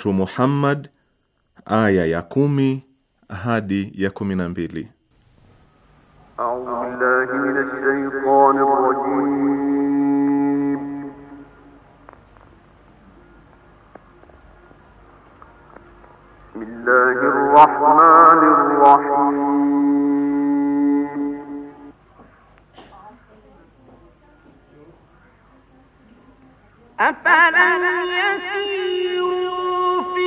tatu Muhammad aya ya kumi hadi ya kumi na mbili. أفلم يسيروا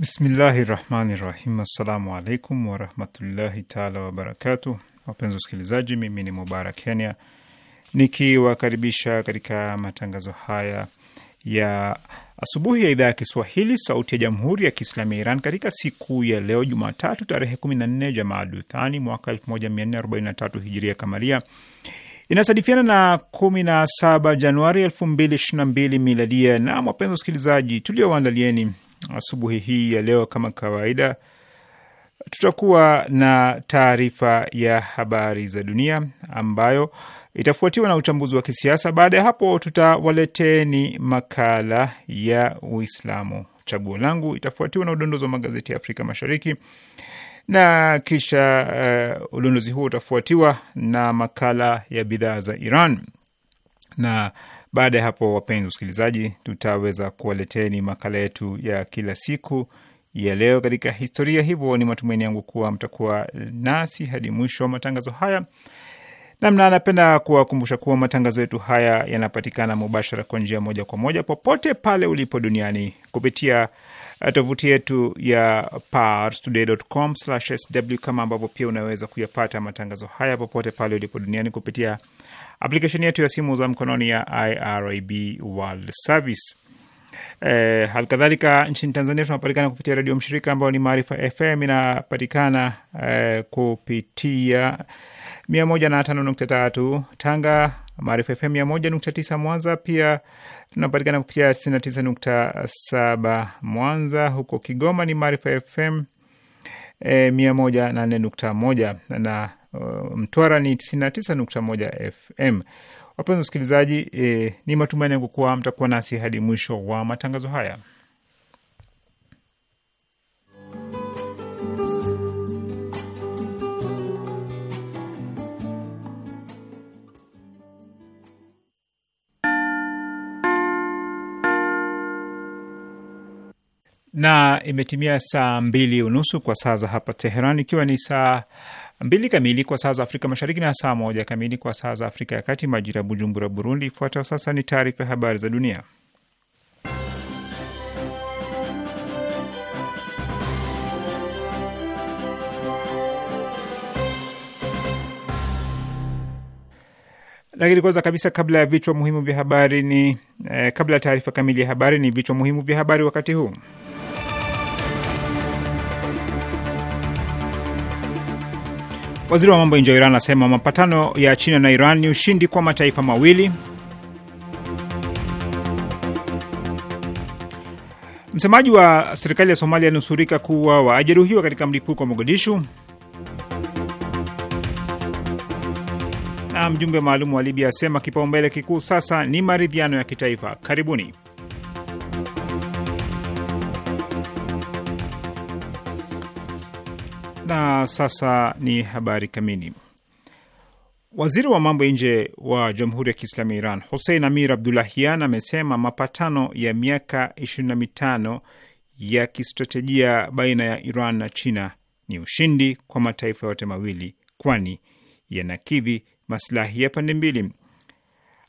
Bismillahi rahmani rahim. Assalamu alaikum warahmatullahi taala wabarakatu. Wapenzi wasikilizaji, mimi ni Mubarak Kenya nikiwakaribisha katika matangazo haya ya asubuhi ya idhaa ya Kiswahili sauti ya jamhuri ya Kiislami ya Iran katika siku ya leo Jumatatu tarehe 14 Jamaaduthani mwaka 1443 hijiria kamaria inasadifiana na 17 Januari 2022 miladia. Na wapenzi wasikilizaji, tuliowaandalieni asubuhi hii ya leo, kama kawaida, tutakuwa na taarifa ya habari za dunia ambayo itafuatiwa na uchambuzi wa kisiasa. Baada ya hapo, tutawaleteni makala ya Uislamu chaguo langu, itafuatiwa na udondozi wa magazeti ya Afrika Mashariki na kisha uh, udondozi huo utafuatiwa na makala ya bidhaa za Iran na baada ya hapo, wapenzi wasikilizaji, tutaweza kuwaleteni makala yetu ya kila siku ya leo katika historia. Hivyo ni matumaini yangu kuwa mtakuwa nasi hadi mwisho wa matangazo haya. Namna napenda kuwakumbusha kuwa matangazo yetu haya yanapatikana mubashara kwa njia moja kwa moja popote pale ulipo duniani kupitia uh, tovuti yetu ya parstoday.com/sw, kama ambavyo pia unaweza kuyapata matangazo haya popote pale ulipo duniani kupitia aplikesheni yetu ya simu za mkononi ya IRIB World Service. Eh, halikadhalika nchini Tanzania tunapatikana kupitia redio mshirika ambayo ni Maarifa FM, inapatikana eh, kupitia 105.3 Tanga, Maarifa FM 101.9 Mwanza. Pia tunapatikana kupitia 99.7 Mwanza. Huko Kigoma ni Maarifa FM eh, 104.1 na Uh, Mtwara ni 99.1 FM. Wapenzi wasikilizaji, e, ni matumaini yangu kuwa mtakuwa nasi hadi mwisho wa matangazo haya. na imetimia saa mbili unusu kwa saa za hapa Teheran, ikiwa ni saa mbili kamili kwa saa za Afrika Mashariki na saa moja kamili kwa saa za Afrika ya Kati, majira ya Bujumbura, Burundi. Ifuatayo sasa ni taarifa ya habari za dunia, lakini kwanza kabisa, kabla ya vichwa muhimu vya habari ni eh, kabla ya taarifa kamili ya habari ni vichwa muhimu vya habari wakati huu Waziri wa mambo ya nje wa Iran anasema mapatano ya China na Iran ni ushindi kwa mataifa mawili. Msemaji wa serikali ya Somalia anusurika kuwa waajeruhiwa katika mlipuko wa Mogadishu, na mjumbe maalum wa Libya asema kipaumbele kikuu sasa ni maridhiano ya kitaifa. Karibuni. Na sasa ni habari kamili. Waziri wa mambo ya nje wa Jamhuri ya Kiislamu ya Iran Hussein Amir Abdulahian amesema mapatano ya miaka 25 ya kistratejia baina ya Iran na China ni ushindi kwa mataifa yote mawili, kwani yanakidhi masilahi ya pande mbili.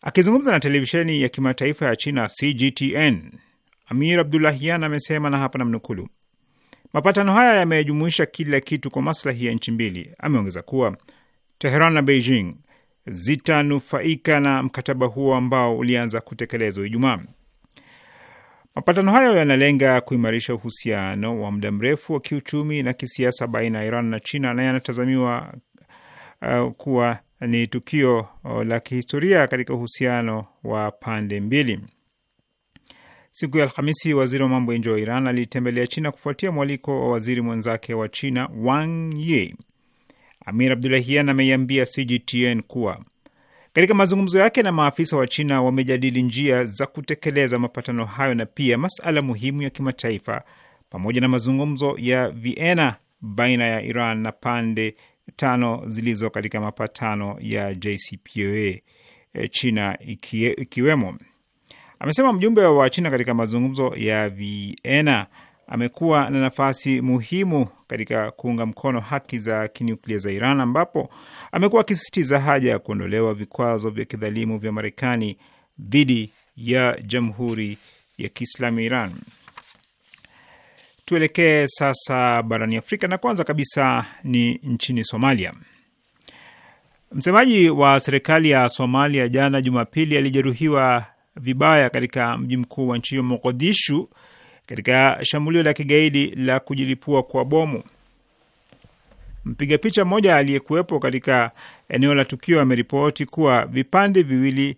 Akizungumza na televisheni ya kimataifa ya China CGTN, Amir Abdulahian amesema na hapa namnukulu: Mapatano haya yamejumuisha kila kitu kwa maslahi ya nchi mbili. Ameongeza kuwa Teheran na Beijing zitanufaika na mkataba huo ambao ulianza kutekelezwa Ijumaa. Mapatano hayo yanalenga kuimarisha uhusiano wa muda mrefu wa kiuchumi na kisiasa baina ya Iran na China na yanatazamiwa uh, kuwa ni tukio uh, la kihistoria katika uhusiano wa pande mbili. Siku ya Alhamisi, waziri wa mambo ya nje wa Iran alitembelea China kufuatia mwaliko wa waziri mwenzake wa China Wang Yi. Amir Abdulahian ameiambia CGTN kuwa katika mazungumzo yake na maafisa wa China wamejadili njia za kutekeleza mapatano hayo na pia masala muhimu ya kimataifa pamoja na mazungumzo ya Vienna baina ya Iran na pande tano zilizo katika mapatano ya JCPOA China ikiwemo Amesema mjumbe wa China katika mazungumzo ya Vienna amekuwa na nafasi muhimu katika kuunga mkono haki za kinuklia za Iran, ambapo amekuwa akisisitiza haja ya kuondolewa vikwazo vya kidhalimu vya Marekani dhidi ya Jamhuri ya Kiislamu ya Iran. Tuelekee sasa barani Afrika na kwanza kabisa ni nchini Somalia. Msemaji wa serikali ya Somalia jana Jumapili alijeruhiwa vibaya katika mji mkuu wa nchi hiyo Mogadishu, katika shambulio la kigaidi la kujilipua kwa bomu. Mpiga picha mmoja aliyekuwepo katika eneo la tukio ameripoti kuwa vipande viwili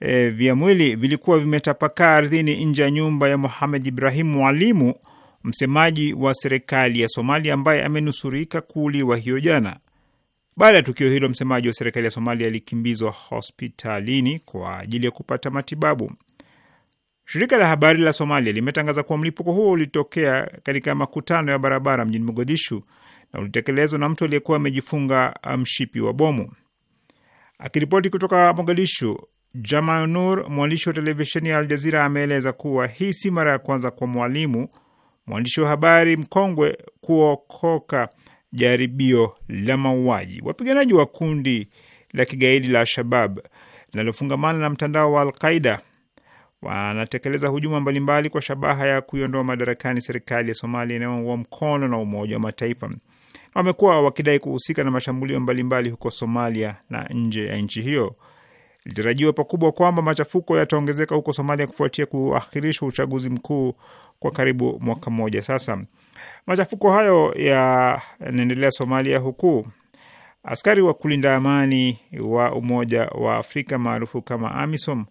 e, vya mwili vilikuwa vimetapakaa ardhini nje ya nyumba ya Mohamed Ibrahim Mwalimu, msemaji wa serikali ya Somalia ambaye amenusurika kuuliwa hiyo jana. Baada ya tukio hilo, msemaji wa serikali ya Somalia alikimbizwa hospitalini kwa ajili ya kupata matibabu. Shirika la habari la Somalia limetangaza kuwa mlipuko huo ulitokea katika makutano ya barabara mjini Mogadishu na ulitekelezwa na mtu aliyekuwa amejifunga mshipi wa bomu. Akiripoti kutoka Mogadishu, Jamal Nur, mwandishi wa televisheni ya Aljazira, ameeleza kuwa hii si mara ya kwanza kwa mwalimu, mwandishi wa habari mkongwe, kuokoka jaribio la mauaji. Wapiganaji wa kundi la kigaidi la Al-Shabab linalofungamana na mtandao wa Al-Qaida wanatekeleza hujuma mbalimbali kwa shabaha ya kuiondoa madarakani serikali ya Somalia inayoungwa mkono na Umoja wa Mataifa. Wamekuwa wakidai kuhusika na mashambulio mbalimbali huko Somalia na nje ya nchi hiyo. Ilitarajiwa pakubwa kwamba machafuko yataongezeka huko Somalia kufuatia kuahirishwa uchaguzi mkuu kwa karibu mwaka mmoja sasa. Machafuko hayo yanaendelea Somalia huku askari wa kulinda amani wa Umoja wa Afrika maarufu kama AMISOM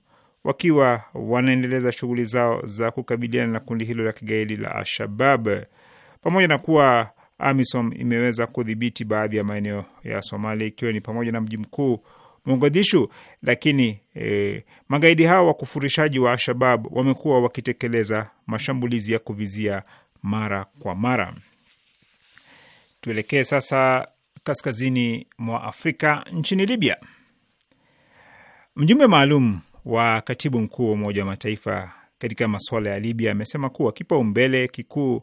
wakiwa wanaendeleza shughuli zao za kukabiliana na kundi hilo la kigaidi la Al-Shabab. Pamoja na kuwa AMISOM imeweza kudhibiti baadhi ya maeneo ya Somalia, ikiwa ni pamoja na mji mkuu Mogadishu, lakini e, magaidi hao wakufurishaji wa Al-Shabab wamekuwa wakitekeleza mashambulizi ya kuvizia mara kwa mara. Tuelekee sasa kaskazini mwa Afrika, nchini Libya. Mjumbe maalum wa katibu mkuu wa Umoja wa Mataifa katika masuala ya Libya amesema kuwa kipaumbele kikuu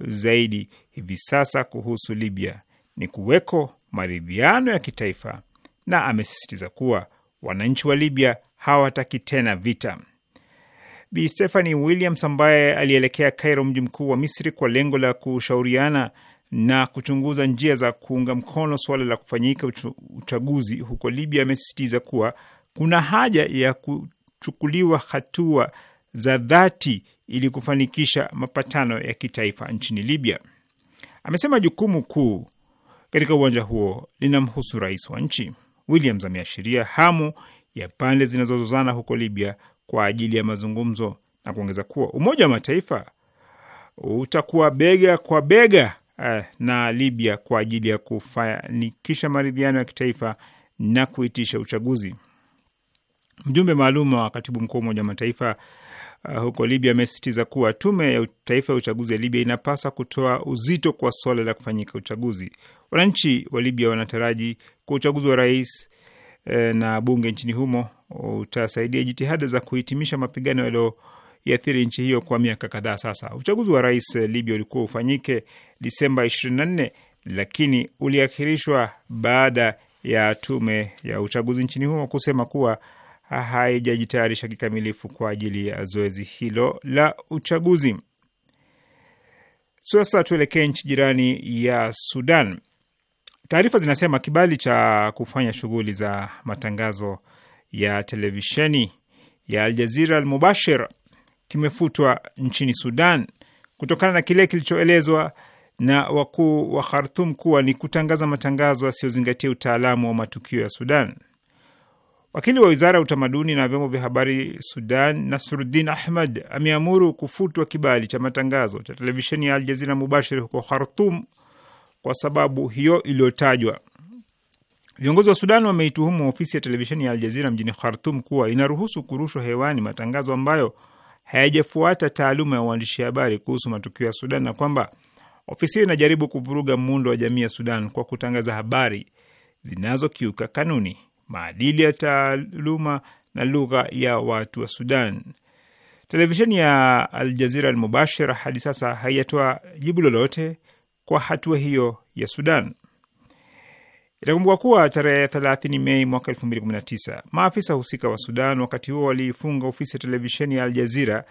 zaidi hivi sasa kuhusu Libya ni kuweko maridhiano ya kitaifa na amesisitiza kuwa wananchi wa Libya hawataki tena vita. Bi Stephanie Williams ambaye alielekea Cairo, mji mkuu wa Misri, kwa lengo la kushauriana na kuchunguza njia za kuunga mkono suala la kufanyika uchaguzi huko Libya, amesisitiza kuwa kuna haja ya kuchukuliwa hatua za dhati ili kufanikisha mapatano ya kitaifa nchini Libya. Amesema jukumu kuu katika uwanja huo linamhusu rais wa nchi. Williams ameashiria hamu ya pande zinazozozana huko Libya kwa ajili ya mazungumzo na kuongeza kuwa Umoja wa Mataifa utakuwa bega kwa bega eh, na Libya kwa ajili ya kufanikisha maridhiano ya kitaifa na kuitisha uchaguzi. Mjumbe maalum wa katibu mkuu wa Umoja wa Mataifa Uh, huko Libya amesisitiza kuwa tume ya taifa ya uchaguzi ya Libya inapasa kutoa uzito kwa swala la kufanyika uchaguzi. Wananchi wa Libya wanataraji kwa uchaguzi wa rais eh, na bunge nchini humo utasaidia jitihada za kuhitimisha mapigano yaliyoathiri iathiri nchi hiyo kwa miaka kadhaa sasa. Uchaguzi wa rais eh, Libya ulikuwa ufanyike Disemba 24 lakini uliakhirishwa baada ya tume ya uchaguzi nchini humo kusema kuwa haijajitayarisha kikamilifu kwa ajili ya zoezi hilo la uchaguzi. Sasa tuelekee nchi jirani ya Sudan. Taarifa zinasema kibali cha kufanya shughuli za matangazo ya televisheni ya Aljazira Al Mubashir kimefutwa nchini Sudan kutokana na kile kilichoelezwa na wakuu wa Khartum kuwa ni kutangaza matangazo yasiyozingatia utaalamu wa matukio ya Sudan. Wakili wa wizara ya utamaduni na vyombo vya habari Sudan, nasrudin Ahmad, ameamuru kufutwa kibali cha matangazo cha televisheni ya Aljazira Mubashir huko Khartum kwa sababu hiyo iliyotajwa. Viongozi wa Sudan wameituhumu ofisi ya televisheni ya Aljazira mjini Khartum kuwa inaruhusu kurushwa hewani matangazo ambayo hayajafuata taaluma ya uandishi habari kuhusu matukio ya Sudan na kwamba ofisi hiyo inajaribu kuvuruga muundo wa jamii ya Sudan kwa kutangaza habari zinazokiuka kanuni maadili ya taaluma na lugha ya watu wa Sudan. Televisheni ya Aljazira Almubashir hadi sasa haijatoa jibu lolote kwa hatua hiyo ya Sudan. Itakumbuka kuwa tarehe 30 Mei mwaka 2019 maafisa husika wa Sudan wakati huo waliifunga ofisi ya televisheni ya Aljazira,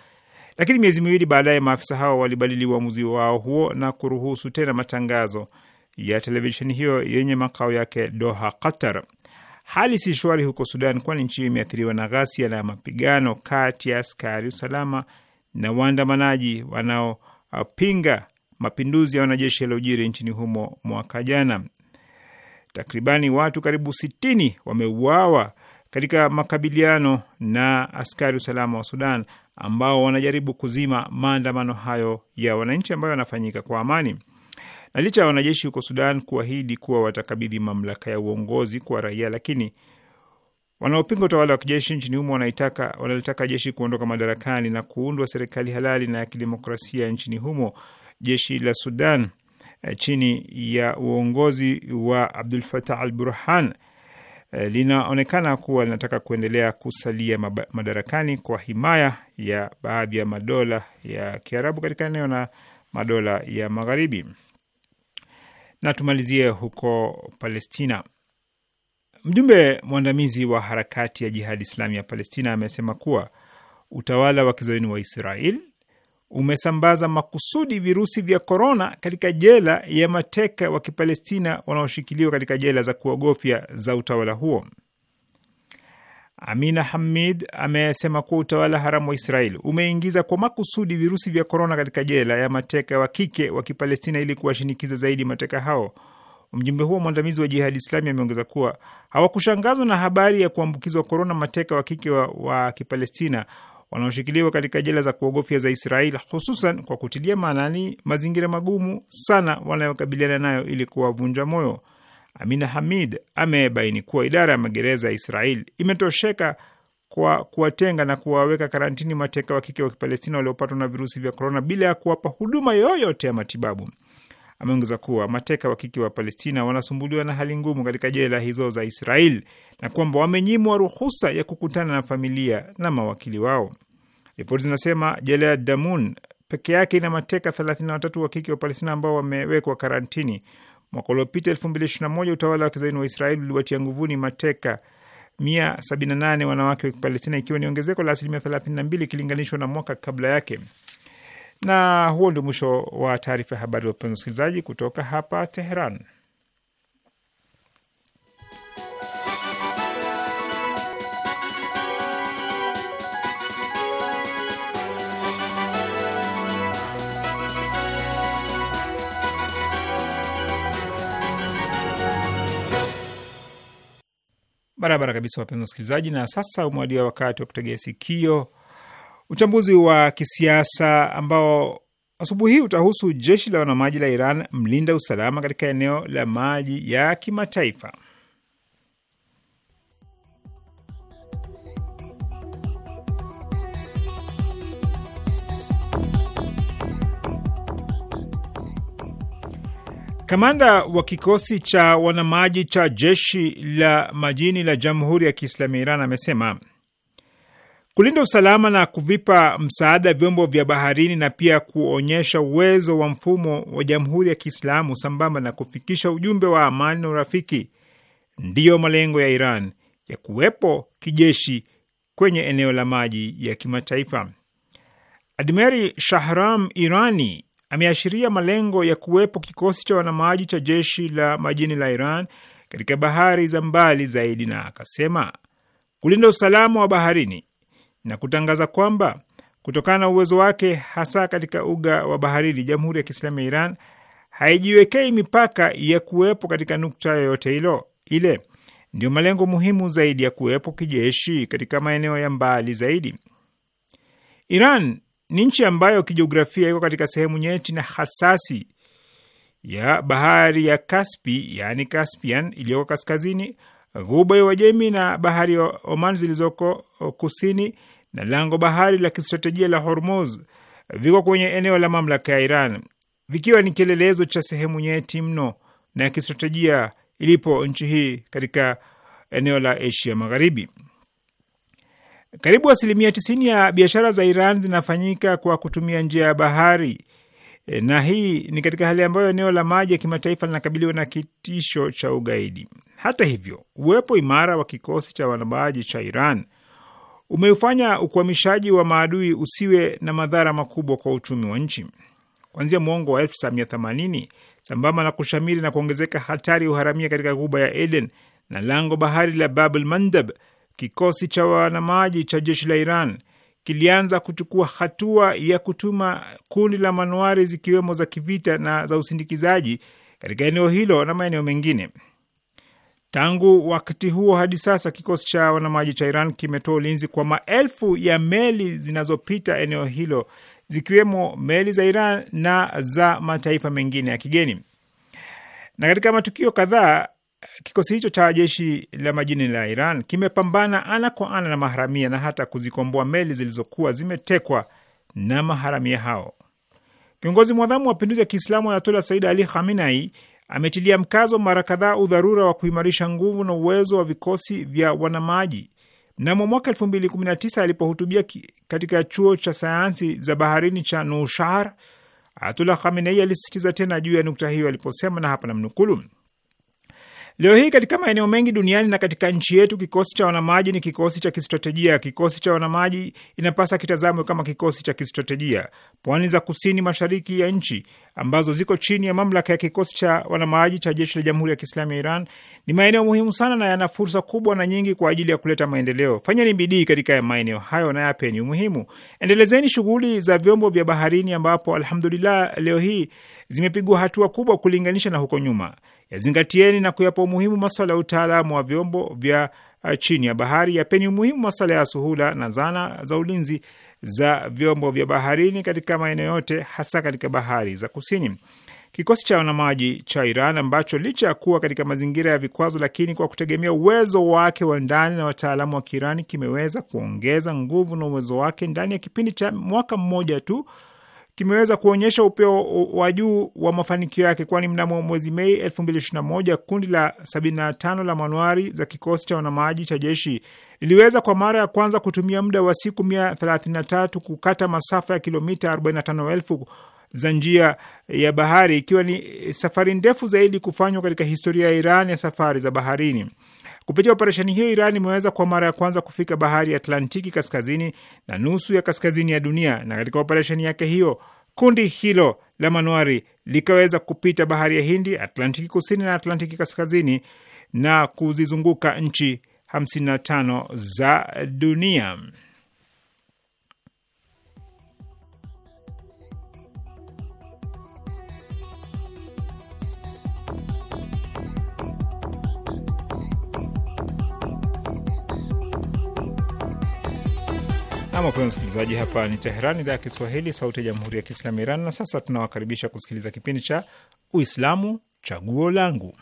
lakini miezi miwili baadaye maafisa hao walibadili uamuzi wao huo na kuruhusu tena matangazo ya televisheni hiyo yenye makao yake Doha, Qatar. Hali si shwari huko Sudan, kwani nchi hiyo imeathiriwa na ghasia na mapigano kati ya askari usalama na waandamanaji wanaopinga mapinduzi ya wanajeshi yaliyojiri nchini humo mwaka jana. Takribani watu karibu sitini wameuawa katika makabiliano na askari usalama wa Sudan ambao wanajaribu kuzima maandamano hayo ya wananchi ambayo yanafanyika kwa amani. Na licha ya wanajeshi huko Sudan kuahidi kuwa watakabidhi mamlaka ya uongozi kwa raia, lakini wanaopinga utawala wa kijeshi nchini humo wanaitaka wanalitaka jeshi kuondoka madarakani na kuundwa serikali halali na ya kidemokrasia nchini humo. Jeshi la Sudan eh, chini ya uongozi wa Abdul Fatah al Burhan eh, linaonekana kuwa linataka kuendelea kusalia madarakani kwa himaya ya baadhi ya madola ya Kiarabu katika eneo na madola ya Magharibi. Na tumalizie huko Palestina. Mjumbe mwandamizi wa harakati ya Jihadi Islami ya Palestina amesema kuwa utawala wa kizoeni wa Israel umesambaza makusudi virusi vya korona katika jela ya mateka wa Kipalestina wanaoshikiliwa katika jela za kuogofya za utawala huo. Amina Hamid amesema kuwa utawala haramu wa Israel umeingiza kwa makusudi virusi vya korona katika jela ya mateka wa kike wa Kipalestina ili kuwashinikiza zaidi mateka hao. Mjumbe huo mwandamizi wa Jihadi Islami ameongeza kuwa hawakushangazwa na habari ya kuambukizwa korona mateka wa kike wa, wa Kipalestina wanaoshikiliwa katika jela za kuogofya za Israel, hususan kwa kutilia maanani mazingira magumu sana wanayokabiliana nayo ili kuwavunja moyo. Amina Hamid amebaini kuwa idara ya magereza ya Israel imetosheka kwa kuwatenga na kuwaweka karantini mateka wa kike wa Kipalestina waliopatwa na virusi vya korona bila ya kuwapa huduma yoyote ya matibabu. Ameongeza kuwa mateka wa kike wa Palestina wanasumbuliwa na hali ngumu katika jela hizo za Israel na kwamba wamenyimwa ruhusa ya kukutana na familia na mawakili wao. Ripoti zinasema jela ya Damun peke yake ina mateka 33 wa kike wa Palestina ambao wamewekwa karantini. Mwaka uliopita 2021 utawala wa kizaini wa Israeli uliwatia nguvuni mateka 178 wanawake wa Kipalestina, ikiwa ni ongezeko la asilimia 32 ikilinganishwa na mwaka kabla yake. Na huo ndio mwisho wa taarifa ya habari, wapenzi wasikilizaji, kutoka hapa Teheran. Barabara kabisa, wapenzi wasikilizaji, na sasa umewadia wakati wa kutegea sikio uchambuzi wa kisiasa ambao asubuhi hii utahusu jeshi la wanamaji la Iran mlinda usalama katika eneo la maji ya kimataifa. Kamanda wa kikosi cha wanamaji cha jeshi la majini la Jamhuri ya Kiislamu ya Iran amesema kulinda usalama na kuvipa msaada vyombo vya baharini na pia kuonyesha uwezo wa mfumo wa Jamhuri ya Kiislamu sambamba na kufikisha ujumbe wa amani na urafiki ndiyo malengo ya Iran ya kuwepo kijeshi kwenye eneo la maji ya kimataifa. Admeri Shahram Irani ameashiria malengo ya kuwepo kikosi cha wanamaji cha jeshi la majini la Iran katika bahari za mbali zaidi, na akasema kulinda usalama wa baharini na kutangaza kwamba kutokana na uwezo wake hasa katika uga wa baharini, Jamhuri ya Kiislamu ya Iran haijiwekei mipaka ya kuwepo katika nukta yoyote hilo ile. Ndio malengo muhimu zaidi ya kuwepo kijeshi katika maeneo ya mbali zaidi. Iran ni nchi ambayo kijiografia iko katika sehemu nyeti na hasasi ya bahari ya Kaspi, yaani Caspian, iliyoko kaskazini, ghuba ya Uajemi na bahari ya Oman zilizoko kusini, na lango bahari la kistratejia la Hormuz viko kwenye eneo la mamlaka ya Iran, vikiwa ni kielelezo cha sehemu nyeti mno na ya kistratejia ilipo nchi hii katika eneo la Asia Magharibi. Karibu asilimia 90 ya biashara za Iran zinafanyika kwa kutumia njia ya bahari, e, na hii ni katika hali ambayo eneo la maji ya kimataifa linakabiliwa na kitisho cha ugaidi. Hata hivyo, uwepo imara wa kikosi cha wanamaji cha Iran umeufanya ukwamishaji wa maadui usiwe na madhara makubwa kwa uchumi wa nchi. Kuanzia mwongo wa 1980 sambamba na kushamiri na kuongezeka hatari ya uharamia katika ghuba ya Eden na lango bahari la Babel Mandab, kikosi cha wanamaji cha jeshi la Iran kilianza kuchukua hatua ya kutuma kundi la manuari zikiwemo za kivita na za usindikizaji katika eneo hilo na maeneo mengine. Tangu wakati huo hadi sasa, kikosi cha wanamaji cha Iran kimetoa ulinzi kwa maelfu ya meli zinazopita eneo hilo, zikiwemo meli za Iran na za mataifa mengine ya kigeni. Na katika matukio kadhaa kikosi hicho cha jeshi la majini la Iran kimepambana ana kwa ana na maharamia na hata kuzikomboa meli zilizokuwa zimetekwa na maharamia hao. Kiongozi mwadhamu wa mapinduzi ya Kiislamu Ayatollah Said Ali Khamenei ametilia mkazo mara kadhaa udharura wa kuimarisha nguvu na uwezo wa vikosi vya wanamaji. Mnamo mwaka 2019 alipohutubia katika chuo cha sayansi za baharini cha Nushar, Ayatollah Khamenei alisisitiza tena juu ya nukta hiyo aliposema, na hapa namnukulu Leo hii katika maeneo mengi duniani na katika nchi yetu, kikosi cha wanamaji ni kikosi cha kistratejia. Kikosi cha wanamaji inapasa kitazamwe kama kikosi cha kistratejia. Pwani za kusini mashariki ya nchi ambazo ziko chini ya mamlaka ya kikosi cha wanamaji cha jeshi la Jamhuri ya Kiislamu ya Iran ni maeneo muhimu sana na yana fursa kubwa na nyingi kwa ajili ya kuleta maendeleo. Fanyeni bidii katika maeneo hayo na yapeni umuhimu. Endelezeni shughuli za vyombo vya baharini, ambapo alhamdulillah leo hii zimepigwa hatua kubwa kulinganisha na huko nyuma. Yazingatieni na kuyapa umuhimu masuala ya utaalamu wa vyombo vya uh, chini ya bahari. Yapeni umuhimu masuala ya suhula na zana za ulinzi za vyombo vya baharini katika maeneo yote, hasa katika bahari za kusini. Kikosi cha wanamaji cha Iran ambacho licha ya kuwa katika mazingira ya vikwazo, lakini kwa kutegemea uwezo wake wa ndani na wataalamu wa Kiirani kimeweza kuongeza nguvu na uwezo wake ndani ya kipindi cha mwaka mmoja tu kimeweza kuonyesha upeo wa juu wa mafanikio yake, kwani mnamo mwezi Mei 2021 kundi la 75 la manuari za kikosi cha wanamaji cha jeshi liliweza kwa mara ya kwanza kutumia muda wa siku 133 kukata masafa ya kilomita 45,000 za njia ya bahari, ikiwa ni safari ndefu zaidi kufanywa katika historia ya Iran ya safari za baharini. Kupitia operesheni hiyo, Iran imeweza kwa mara ya kwanza kufika bahari ya Atlantiki kaskazini na nusu ya kaskazini ya dunia, na katika operesheni yake hiyo kundi hilo la manuari likaweza kupita bahari ya Hindi, Atlantiki kusini na Atlantiki kaskazini na kuzizunguka nchi 55 za dunia. Ama pea msikilizaji, hapa ni Teheran, idhaa ya Kiswahili, sauti ya jamhuri ya kiislamu Iran. Na sasa tunawakaribisha kusikiliza kipindi cha Uislamu Chaguo Langu.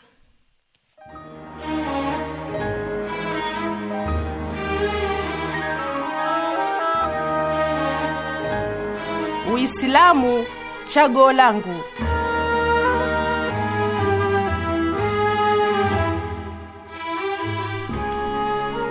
Uislamu Chaguo Langu.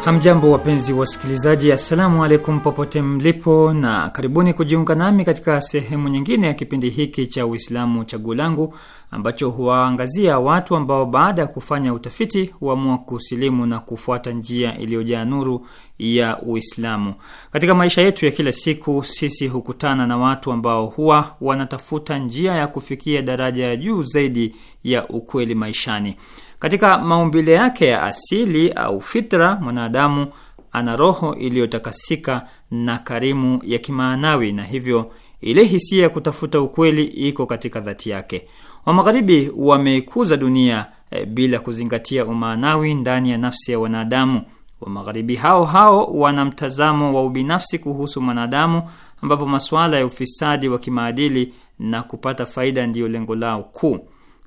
Hamjambo, wapenzi wasikilizaji, assalamu alaikum popote mlipo, na karibuni kujiunga nami katika sehemu nyingine ya kipindi hiki cha Uislamu Chaguo Langu ambacho huwaangazia watu ambao baada ya kufanya utafiti huamua kusilimu na kufuata njia iliyojaa nuru ya Uislamu. Katika maisha yetu ya kila siku, sisi hukutana na watu ambao huwa wanatafuta njia ya kufikia daraja ya juu zaidi ya ukweli maishani. Katika maumbile yake ya asili au fitra, mwanadamu ana roho iliyotakasika na karimu ya kimaanawi, na hivyo ile hisia ya kutafuta ukweli iko katika dhati yake. Wa Magharibi wameikuza dunia e, bila kuzingatia umaanawi ndani ya nafsi ya wanadamu. Wa Magharibi hao hao wana mtazamo wa ubinafsi kuhusu mwanadamu, ambapo masuala ya ufisadi wa kimaadili na kupata faida ndiyo lengo lao kuu.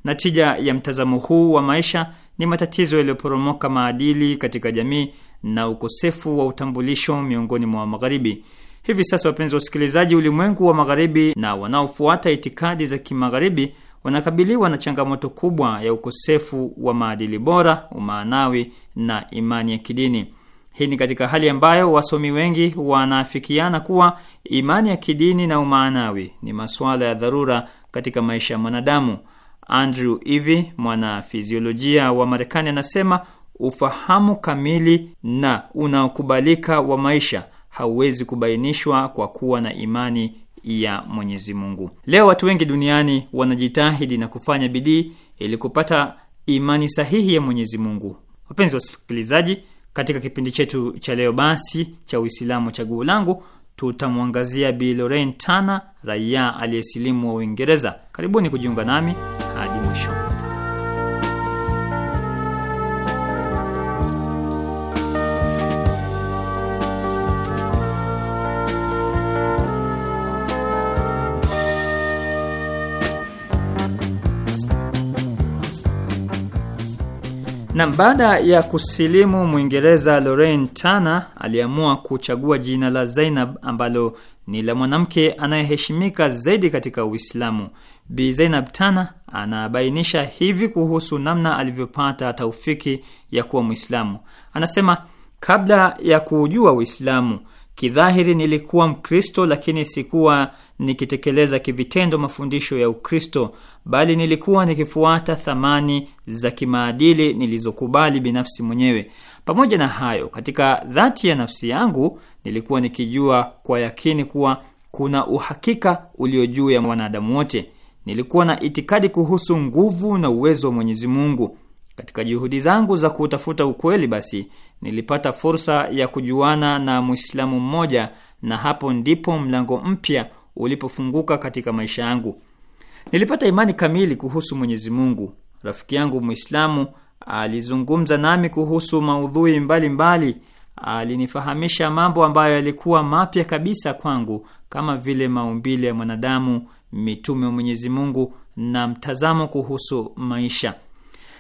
Natija ya mtazamo huu wa maisha ni matatizo yaliyoporomoka maadili katika jamii na ukosefu wa utambulisho miongoni mwa magharibi. Hivi sasa, wapenzi wa usikilizaji, ulimwengu wa magharibi na wanaofuata itikadi za kimagharibi wanakabiliwa na changamoto kubwa ya ukosefu wa maadili bora, umaanawi na imani ya kidini. Hii ni katika hali ambayo wasomi wengi wanaafikiana kuwa imani ya kidini na umaanawi ni masuala ya dharura katika maisha ya mwanadamu. Andrew Ivy, mwanafiziolojia wa Marekani, anasema ufahamu kamili na unaokubalika wa maisha hauwezi kubainishwa kwa kuwa na imani ya Mwenyezi Mungu. Leo watu wengi duniani wanajitahidi na kufanya bidii ili kupata imani sahihi ya Mwenyezi Mungu. Wapenzi wasikilizaji, katika kipindi chetu cha leo basi cha Uislamu chaguo langu tutamwangazia Bi Lorraine Tana, raia aliyesilimu wa Uingereza. Karibuni kujiunga nami hadi mwisho. Na baada ya kusilimu Mwingereza Lorraine Tana aliamua kuchagua jina la Zainab ambalo ni la mwanamke anayeheshimika zaidi katika Uislamu. Bi Zainab Tana anabainisha hivi kuhusu namna alivyopata taufiki ya kuwa Mwislamu. Anasema, kabla ya kuujua Uislamu Kidhahiri nilikuwa Mkristo, lakini sikuwa nikitekeleza kivitendo mafundisho ya Ukristo, bali nilikuwa nikifuata thamani za kimaadili nilizokubali binafsi mwenyewe. Pamoja na hayo, katika dhati ya nafsi yangu nilikuwa nikijua kwa yakini kuwa kuna uhakika ulio juu ya wanadamu wote. Nilikuwa na itikadi kuhusu nguvu na uwezo wa Mwenyezi Mungu. Katika juhudi zangu za kutafuta ukweli, basi nilipata fursa ya kujuana na Muislamu mmoja, na hapo ndipo mlango mpya ulipofunguka katika maisha yangu. Nilipata imani kamili kuhusu Mwenyezi Mungu. Rafiki yangu mwislamu alizungumza nami kuhusu maudhui mbalimbali Alinifahamisha mambo ambayo yalikuwa mapya kabisa kwangu kama vile maumbile ya mwanadamu, mitume wa Mwenyezi Mungu na mtazamo kuhusu maisha.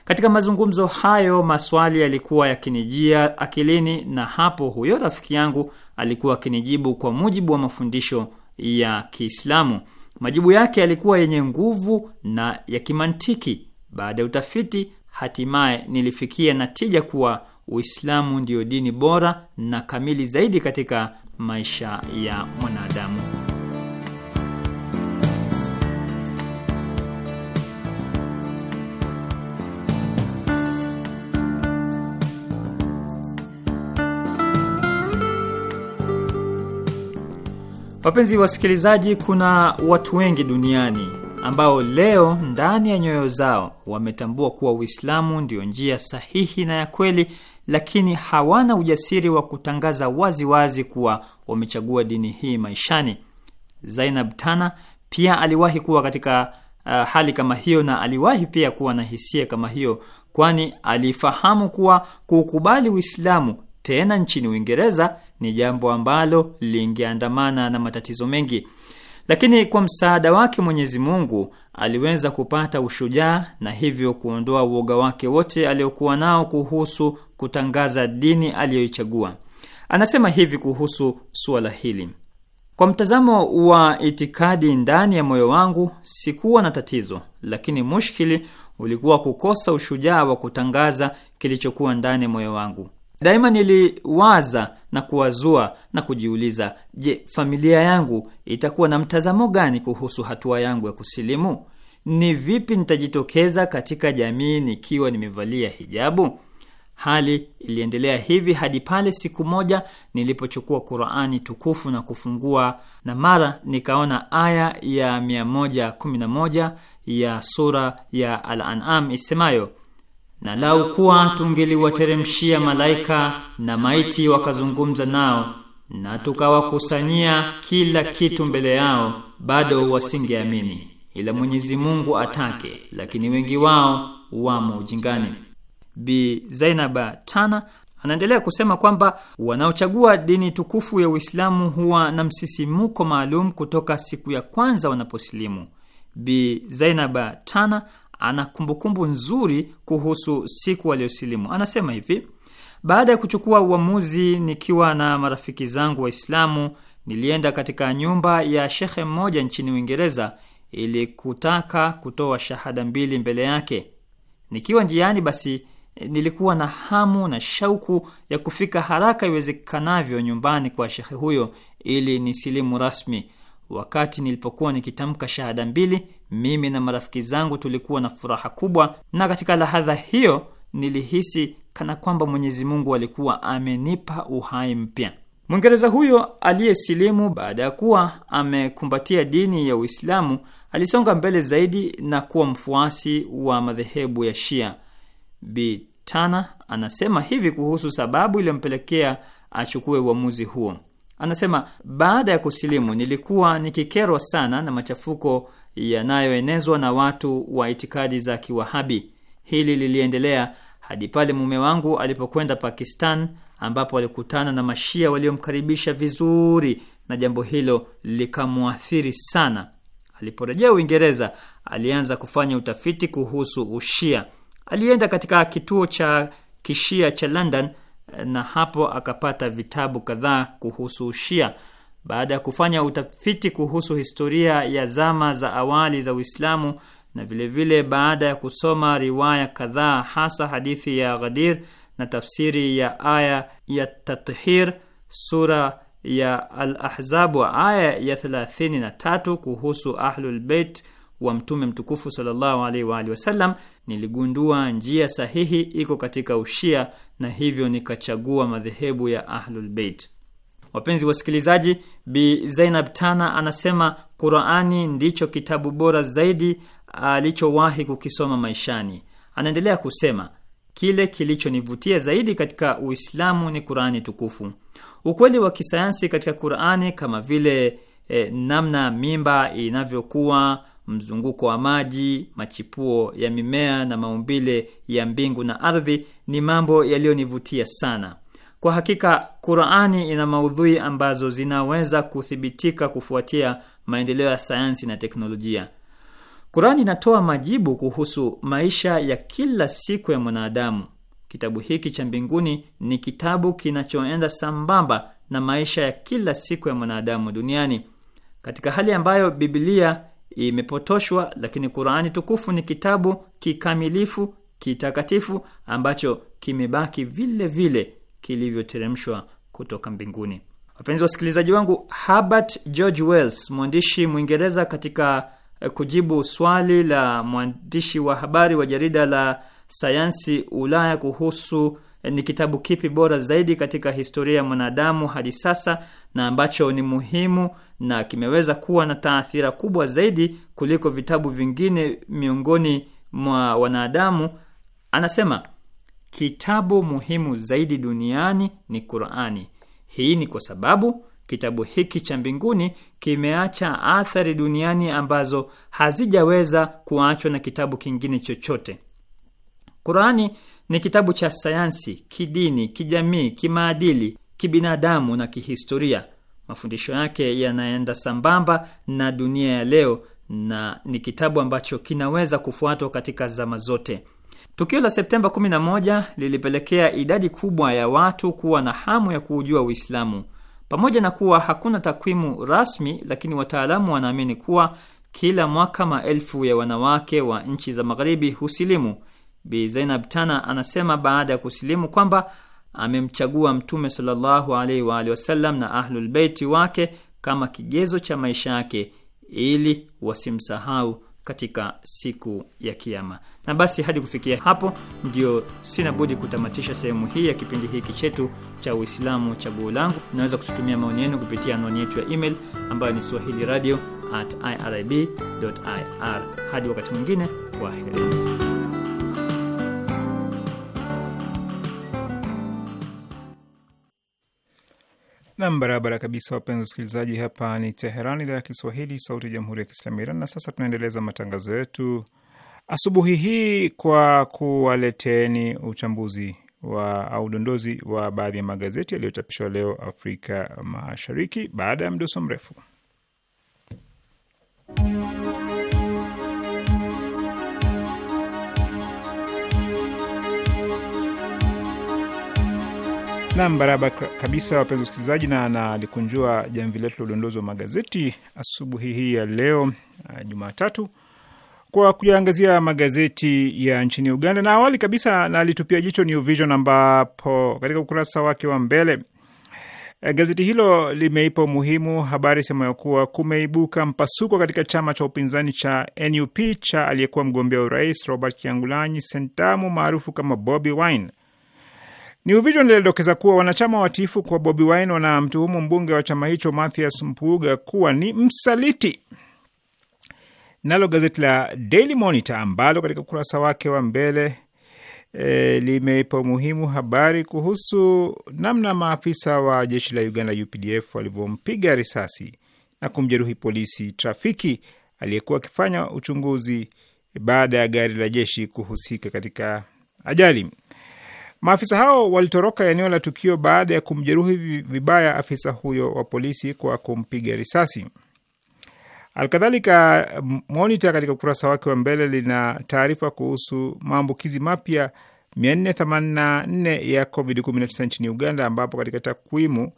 Katika mazungumzo hayo maswali yalikuwa yakinijia akilini, na hapo huyo rafiki yangu alikuwa akinijibu kwa mujibu wa mafundisho ya Kiislamu. Majibu yake yalikuwa yenye nguvu na ya kimantiki. Baada ya utafiti, hatimaye nilifikia natija kuwa Uislamu ndiyo dini bora na kamili zaidi katika maisha ya mwanadamu. Wapenzi wasikilizaji, kuna watu wengi duniani ambao leo ndani ya nyoyo zao wametambua kuwa Uislamu ndiyo njia sahihi na ya kweli, lakini hawana ujasiri wa kutangaza waziwazi wazi kuwa wamechagua dini hii maishani. Zainab Tana pia aliwahi kuwa katika uh, hali kama hiyo na aliwahi pia kuwa na hisia kama hiyo, kwani alifahamu kuwa kuukubali Uislamu tena nchini Uingereza ni jambo ambalo lingeandamana na matatizo mengi, lakini kwa msaada wake Mwenyezi Mungu aliweza kupata ushujaa na hivyo kuondoa uoga wake wote aliokuwa nao kuhusu kutangaza dini aliyoichagua. Anasema hivi kuhusu suala hili: kwa mtazamo wa itikadi, ndani ya moyo wangu sikuwa na tatizo, lakini mushkili ulikuwa kukosa ushujaa wa kutangaza kilichokuwa ndani ya moyo wangu. Daima niliwaza na kuwazua na kujiuliza, je, familia yangu itakuwa na mtazamo gani kuhusu hatua yangu ya kusilimu? Ni vipi nitajitokeza katika jamii nikiwa nimevalia hijabu? Hali iliendelea hivi hadi pale siku moja nilipochukua Qur'ani tukufu na kufungua, na mara nikaona aya ya 111 ya sura ya Al-An'am isemayo na lau kuwa tungeliwateremshia malaika na maiti wakazungumza nao na tukawakusanyia kila kitu mbele yao bado wasingeamini ila Mwenyezi Mungu atake lakini wengi wao wamo ujingani Bi Zainaba Tana anaendelea kusema kwamba wanaochagua dini tukufu ya Uislamu huwa na msisimuko maalum kutoka siku ya kwanza wanaposilimu Bi Zainaba Tana ana kumbukumbu nzuri kuhusu siku aliyosilimu. Anasema hivi: baada ya kuchukua uamuzi, nikiwa na marafiki zangu Waislamu, nilienda katika nyumba ya shekhe mmoja nchini Uingereza ili kutaka kutoa shahada mbili mbele yake. Nikiwa njiani, basi nilikuwa na hamu na shauku ya kufika haraka iwezekanavyo nyumbani kwa shekhe huyo ili nisilimu rasmi. Wakati nilipokuwa nikitamka shahada mbili, mimi na marafiki zangu tulikuwa na furaha kubwa, na katika lahadha hiyo nilihisi kana kwamba Mwenyezi Mungu alikuwa amenipa uhai mpya. Mwingereza huyo aliyesilimu baada ya kuwa amekumbatia dini ya Uislamu alisonga mbele zaidi na kuwa mfuasi wa madhehebu ya Shia. Bi Tana anasema hivi kuhusu sababu iliyompelekea achukue uamuzi huo. Anasema, baada ya kusilimu nilikuwa nikikerwa sana na machafuko yanayoenezwa na watu wa itikadi za Kiwahabi. Hili liliendelea hadi pale mume wangu alipokwenda Pakistan, ambapo alikutana na Mashia waliomkaribisha vizuri na jambo hilo likamwathiri sana. Aliporejea Uingereza, alianza kufanya utafiti kuhusu Ushia. Alienda katika kituo cha kishia cha London na hapo akapata vitabu kadhaa kuhusu Ushia baada ya kufanya utafiti kuhusu historia ya zama za awali za Uislamu na vilevile vile baada ya kusoma riwaya kadhaa hasa hadithi ya Ghadir na tafsiri ya aya ya Tathir sura ya Al-Ahzab wa aya ya 33 kuhusu Ahlul Bait wa Mtume mtukufu sallallahu alaihi wa alihi wasallam, niligundua njia sahihi iko katika Ushia na hivyo nikachagua madhehebu ya Ahlul Bait. Wapenzi wasikilizaji, Bi Zainab Tana anasema Qurani ndicho kitabu bora zaidi alichowahi kukisoma maishani. Anaendelea kusema kile kilichonivutia zaidi katika Uislamu ni Qurani tukufu. Ukweli wa kisayansi katika Qurani kama vile e, namna mimba inavyokuwa, mzunguko wa maji, machipuo ya mimea na maumbile ya mbingu na ardhi ni mambo yaliyonivutia sana. Kwa hakika Qur'ani ina maudhui ambazo zinaweza kuthibitika kufuatia maendeleo ya sayansi na teknolojia. Qur'ani inatoa majibu kuhusu maisha ya kila siku ya mwanadamu. Kitabu hiki cha mbinguni ni kitabu kinachoenda sambamba na maisha ya kila siku ya mwanadamu duniani. Katika hali ambayo Biblia imepotoshwa, lakini Qur'ani tukufu ni kitabu kikamilifu, kitakatifu ambacho kimebaki vile vile kilivyoteremshwa kutoka mbinguni. Wapenzi wasikilizaji wangu, Herbert George Wells, mwandishi Mwingereza, katika eh, kujibu swali la mwandishi wa habari wa jarida la sayansi Ulaya kuhusu eh, ni kitabu kipi bora zaidi katika historia ya mwanadamu hadi sasa na ambacho ni muhimu na kimeweza kuwa na taathira kubwa zaidi kuliko vitabu vingine miongoni mwa wanadamu, anasema kitabu muhimu zaidi duniani ni Qur'ani. Hii ni kwa sababu kitabu hiki cha mbinguni kimeacha athari duniani ambazo hazijaweza kuachwa na kitabu kingine chochote. Qur'ani ni kitabu cha sayansi, kidini, kijamii, kimaadili, kibinadamu na kihistoria. Mafundisho yake yanaenda sambamba na dunia ya leo na ni kitabu ambacho kinaweza kufuatwa katika zama zote. Tukio la Septemba 11 lilipelekea idadi kubwa ya watu kuwa na hamu ya kuujua Uislamu. Pamoja na kuwa hakuna takwimu rasmi, lakini wataalamu wanaamini kuwa kila mwaka maelfu ya wanawake wa nchi za magharibi husilimu. Bi Zainab Tana anasema baada ya kusilimu kwamba amemchagua Mtume sallallahu alaihi wa alihi wasallam na Ahlulbeiti wake kama kigezo cha maisha yake ili wasimsahau katika siku ya Kiama. Na basi hadi kufikia hapo, ndio sina budi kutamatisha sehemu hii ya kipindi hiki chetu cha Uislamu Chaguo Langu. Unaweza kututumia maoni yenu kupitia anwani yetu ya email ambayo ni swahili radio at Hadi wakati mwingine, kwaherini. Nam, barabara kabisa, wapenzi wasikilizaji, hapa ni Teheran, idhaa ya Kiswahili, sauti ya jamhuri ya kiislamu Iran. Na sasa tunaendeleza matangazo yetu asubuhi hii kwa kuwaleteni uchambuzi wa au udondozi wa baadhi ya magazeti yaliyochapishwa leo Afrika Mashariki, baada ya mdoso mrefu Nam, baraba kabisa wapenzi wasikilizaji, na nalikunjua jamvi letu la udondozi wa magazeti asubuhi hii ya leo uh, Jumatatu kwa kuyaangazia magazeti ya nchini Uganda, na awali kabisa nalitupia jicho New Vision ambapo katika ukurasa wake wa mbele eh, gazeti hilo limeipa umuhimu habari sema ya kuwa kumeibuka mpasuko katika chama cha upinzani cha NUP cha aliyekuwa mgombea urais Robert Kyangulanyi Sentamu maarufu kama Bobby Wine. New Vision lilidokeza kuwa wanachama watiifu kwa Bobi Wine wanamtuhumu mbunge wa chama hicho Mathias Mpuuga kuwa ni msaliti. Nalo gazeti la Daily Monitor ambalo katika ukurasa wake wa mbele e, limeipa umuhimu habari kuhusu namna maafisa wa jeshi la Uganda UPDF walivyompiga risasi na kumjeruhi polisi trafiki aliyekuwa akifanya uchunguzi baada ya gari la jeshi kuhusika katika ajali. Maafisa hao walitoroka eneo la tukio baada ya kumjeruhi vibaya afisa huyo wa polisi kwa kumpiga risasi. Alkadhalika, Monita katika ukurasa wake wa mbele lina taarifa kuhusu maambukizi mapya 484 ya COVID-19 nchini Uganda, ambapo katika takwimu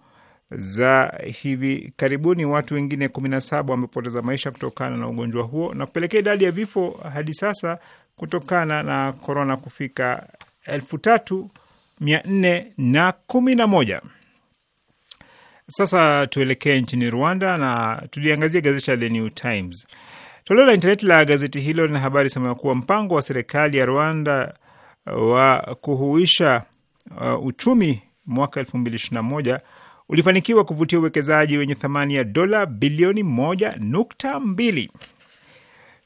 za hivi karibuni watu wengine 17 wamepoteza maisha kutokana na ugonjwa huo na kupelekea idadi ya vifo hadi sasa kutokana na korona kufika elfu tatu mia nne na kumi na moja. Sasa tuelekee nchini Rwanda na tuliangazia gazeti la The New Times. Toleo la intaneti la gazeti hilo lina habari sema kuwa mpango wa serikali ya Rwanda uh, wa kuhuisha uh, uchumi mwaka elfu mbili ishirini na moja ulifanikiwa kuvutia uwekezaji wenye thamani ya dola bilioni moja nukta mbili.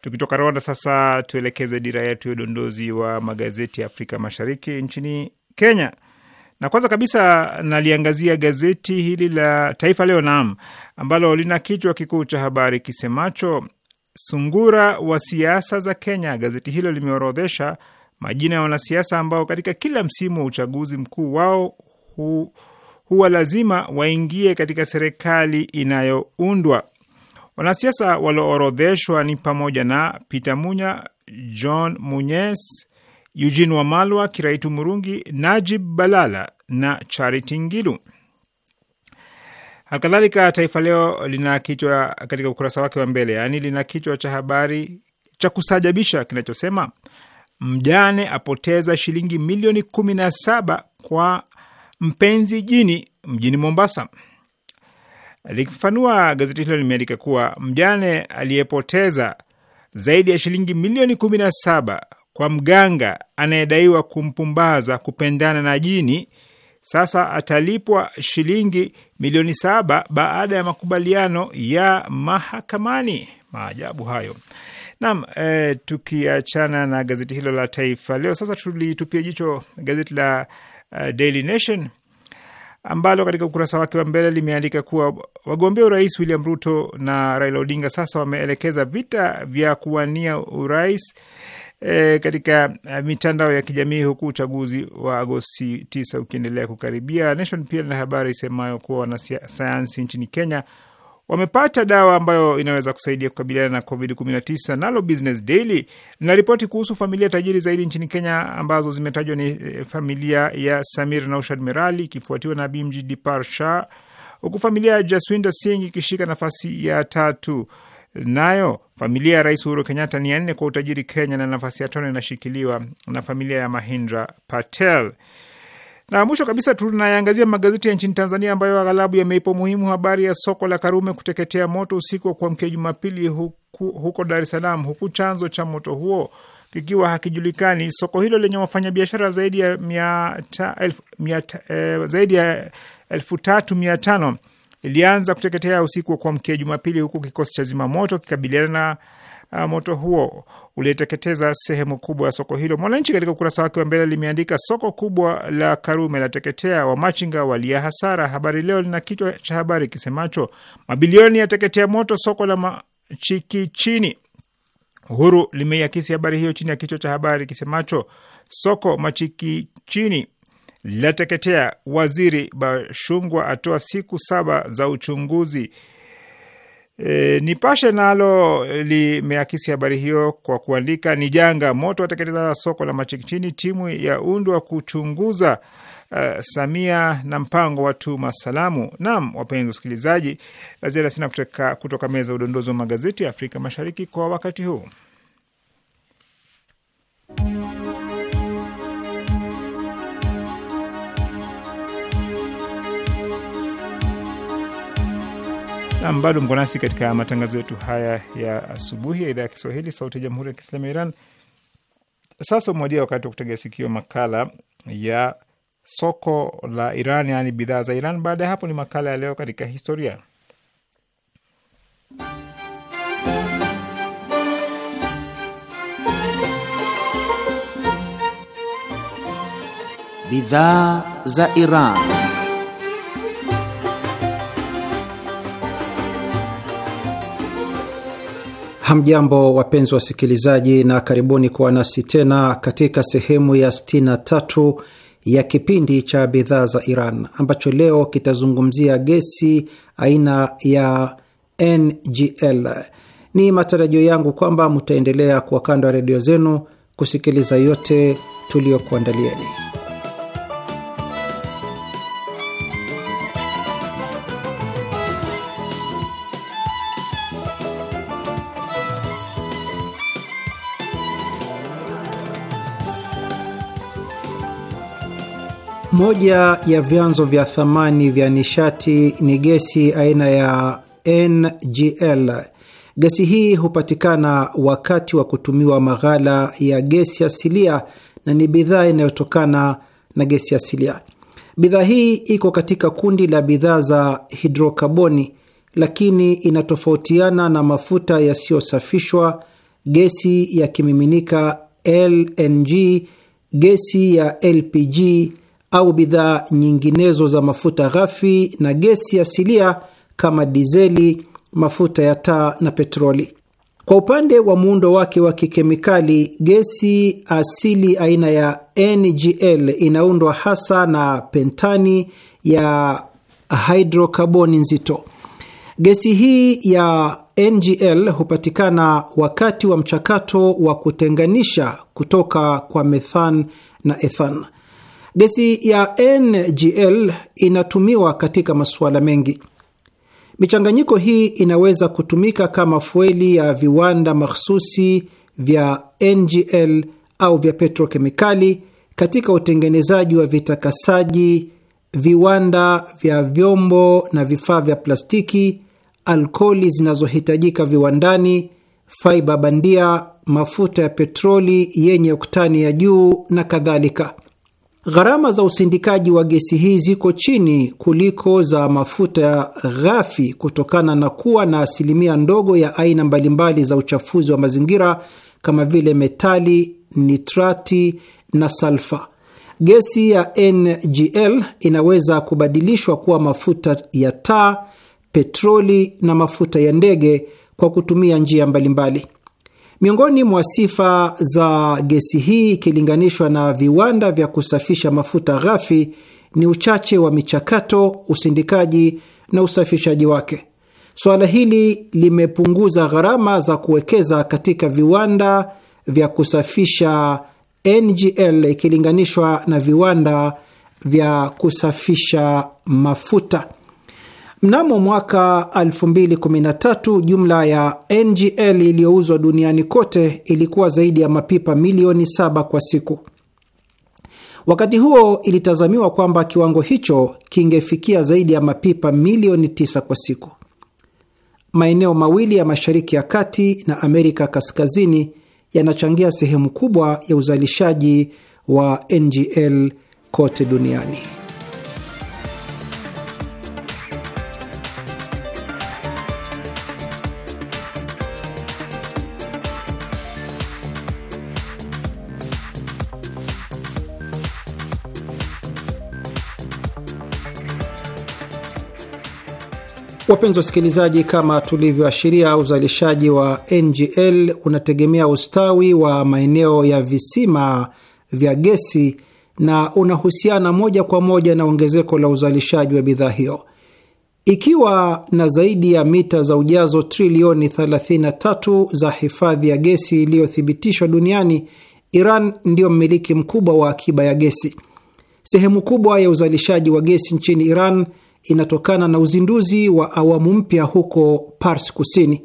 Tukitoka Rwanda sasa, tuelekeze dira yetu ya udondozi wa magazeti ya Afrika Mashariki nchini Kenya, na kwanza kabisa naliangazia gazeti hili la Taifa Leo, nam ambalo lina kichwa kikuu cha habari kisemacho sungura wa siasa za Kenya. Gazeti hilo limeorodhesha majina ya wanasiasa ambao katika kila msimu wa uchaguzi mkuu wao hu, huwa lazima waingie katika serikali inayoundwa. Wanasiasa walioorodheshwa ni pamoja na Peter Munya, John Munyes, Eugene Wamalwa, Kiraitu Murungi, Najib Balala na Charity Ngilu. Halikadhalika, Taifa Leo lina kichwa katika ukurasa wake wa mbele, yaani lina kichwa cha habari cha kusajabisha kinachosema mjane apoteza shilingi milioni kumi na saba kwa mpenzi jini mjini Mombasa. Likifafanua, gazeti hilo limeandika kuwa mjane aliyepoteza zaidi ya shilingi milioni kumi na saba kwa mganga anayedaiwa kumpumbaza kupendana na jini sasa atalipwa shilingi milioni saba baada ya makubaliano ya mahakamani. Maajabu hayo. Naam, e, tukiachana na gazeti hilo la Taifa Leo, sasa tulitupia jicho gazeti la uh, Daily Nation ambalo katika ukurasa wake wa mbele limeandika kuwa wagombea urais William Ruto na Raila Odinga sasa wameelekeza vita vya kuwania urais E, katika e, mitandao ya kijamii huku uchaguzi wa Agosti 9 ukiendelea kukaribia. Nation pia lina habari isemayo kuwa wanasayansi nchini Kenya wamepata dawa ambayo inaweza kusaidia kukabiliana na COVID-19. Nalo Business Daily na ripoti kuhusu familia tajiri zaidi nchini Kenya ambazo zimetajwa ni eh, familia ya Samir Naushad Mirali ikifuatiwa na Bimji Parsha, huku familia ya Jaswinda Singh ikishika nafasi ya tatu. Nayo familia ya Rais Uhuru Kenyatta ni ya nne kwa utajiri Kenya, na nafasi ya tano inashikiliwa na familia ya Mahindra Patel. Na mwisho kabisa tunayaangazia magazeti ya nchini Tanzania ambayo aghalabu yameipa umuhimu habari ya soko la Karume kuteketea moto usiku wa kuamkia Jumapili huku, huko Dar es Salaam, huku chanzo cha moto huo kikiwa hakijulikani. Soko hilo lenye wafanyabiashara zaidi ya eh, zaidi ya elfu tatu mia tano ilianza kuteketea usiku wa kuamkia Jumapili, huku kikosi cha zimamoto kikabiliana na Ah, moto huo uliteketeza sehemu kubwa ya soko hilo. Mwananchi katika ukurasa wake wa mbele limeandika soko kubwa la Karume lateketea, wamachinga walia hasara. Habari Leo lina kichwa cha habari kisemacho mabilioni yateketea moto soko la Machikichini. Uhuru limeiakisi habari hiyo chini ya kichwa cha habari kisemacho soko Machikichini lateketea, waziri Bashungwa atoa siku saba za uchunguzi E, Nipashe nalo e, limeakisi habari hiyo kwa kuandika ni janga moto wateketeza soko la Machikichini, timu ya undwa kuchunguza uh, Samia na mpango wa tuma salamu. Naam, wapenzi wasikilizaji, la ziada sina kutoka meza udondozi wa magazeti ya Afrika Mashariki kwa wakati huu. Nam, bado mko nasi katika matangazo yetu haya ya asubuhi ya idhaa ya Kiswahili, Sauti ya Jamhuri ya Kiislamu ya Iran. Sasa umewadia wakati wa kutegea sikio makala ya soko la Iran, yaani bidhaa za Iran. Baada ya hapo ni makala ya leo katika historia. Bidhaa za Iran. Hamjambo, wapenzi wasikilizaji, na karibuni kuwa nasi tena katika sehemu ya 63 ya kipindi cha bidhaa za Iran ambacho leo kitazungumzia gesi aina ya NGL. Ni matarajio yangu kwamba mtaendelea kuwa kando ya redio zenu kusikiliza yote tuliyokuandalieni. Moja ya vyanzo vya thamani vya nishati ni gesi aina ya NGL. Gesi hii hupatikana wakati wa kutumiwa maghala ya gesi asilia na ni bidhaa inayotokana na gesi asilia. Bidhaa hii iko katika kundi la bidhaa za hidrokaboni, lakini inatofautiana na mafuta yasiyosafishwa, gesi ya kimiminika LNG, gesi ya LPG au bidhaa nyinginezo za mafuta ghafi na gesi asilia kama dizeli, mafuta ya taa na petroli. Kwa upande wa muundo wake wa kikemikali, gesi asili aina ya NGL inaundwa hasa na pentani ya hidrokaboni nzito. Gesi hii ya NGL hupatikana wakati wa mchakato wa kutenganisha kutoka kwa methan na ethan. Gesi ya NGL inatumiwa katika masuala mengi. Michanganyiko hii inaweza kutumika kama fueli ya viwanda mahsusi vya NGL au vya petrokemikali katika utengenezaji wa vitakasaji, viwanda vya vyombo na vifaa vya plastiki, alkoli zinazohitajika viwandani, faiba bandia, mafuta ya petroli yenye oktani ya juu na kadhalika. Gharama za usindikaji wa gesi hii ziko chini kuliko za mafuta ghafi kutokana na kuwa na asilimia ndogo ya aina mbalimbali za uchafuzi wa mazingira kama vile metali, nitrati na salfa. Gesi ya NGL inaweza kubadilishwa kuwa mafuta ya taa, petroli na mafuta ya ndege kwa kutumia njia mbalimbali. Miongoni mwa sifa za gesi hii ikilinganishwa na viwanda vya kusafisha mafuta ghafi ni uchache wa michakato, usindikaji na usafishaji wake. Suala hili limepunguza gharama za kuwekeza katika viwanda vya kusafisha NGL ikilinganishwa na viwanda vya kusafisha mafuta. Mnamo mwaka 2013 jumla ya NGL iliyouzwa duniani kote ilikuwa zaidi ya mapipa milioni saba kwa siku. Wakati huo ilitazamiwa kwamba kiwango hicho kingefikia zaidi ya mapipa milioni tisa kwa siku. Maeneo mawili ya Mashariki ya Kati na Amerika Kaskazini yanachangia sehemu kubwa ya uzalishaji wa NGL kote duniani. Wapenzi wasikilizaji, kama tulivyoashiria, uzalishaji wa NGL unategemea ustawi wa maeneo ya visima vya gesi na unahusiana moja kwa moja na ongezeko la uzalishaji wa bidhaa hiyo. Ikiwa na zaidi ya mita za ujazo trilioni 33 za hifadhi ya gesi iliyothibitishwa duniani, Iran ndiyo mmiliki mkubwa wa akiba ya gesi. Sehemu kubwa ya uzalishaji wa gesi nchini Iran inatokana na uzinduzi wa awamu mpya huko Pars Kusini.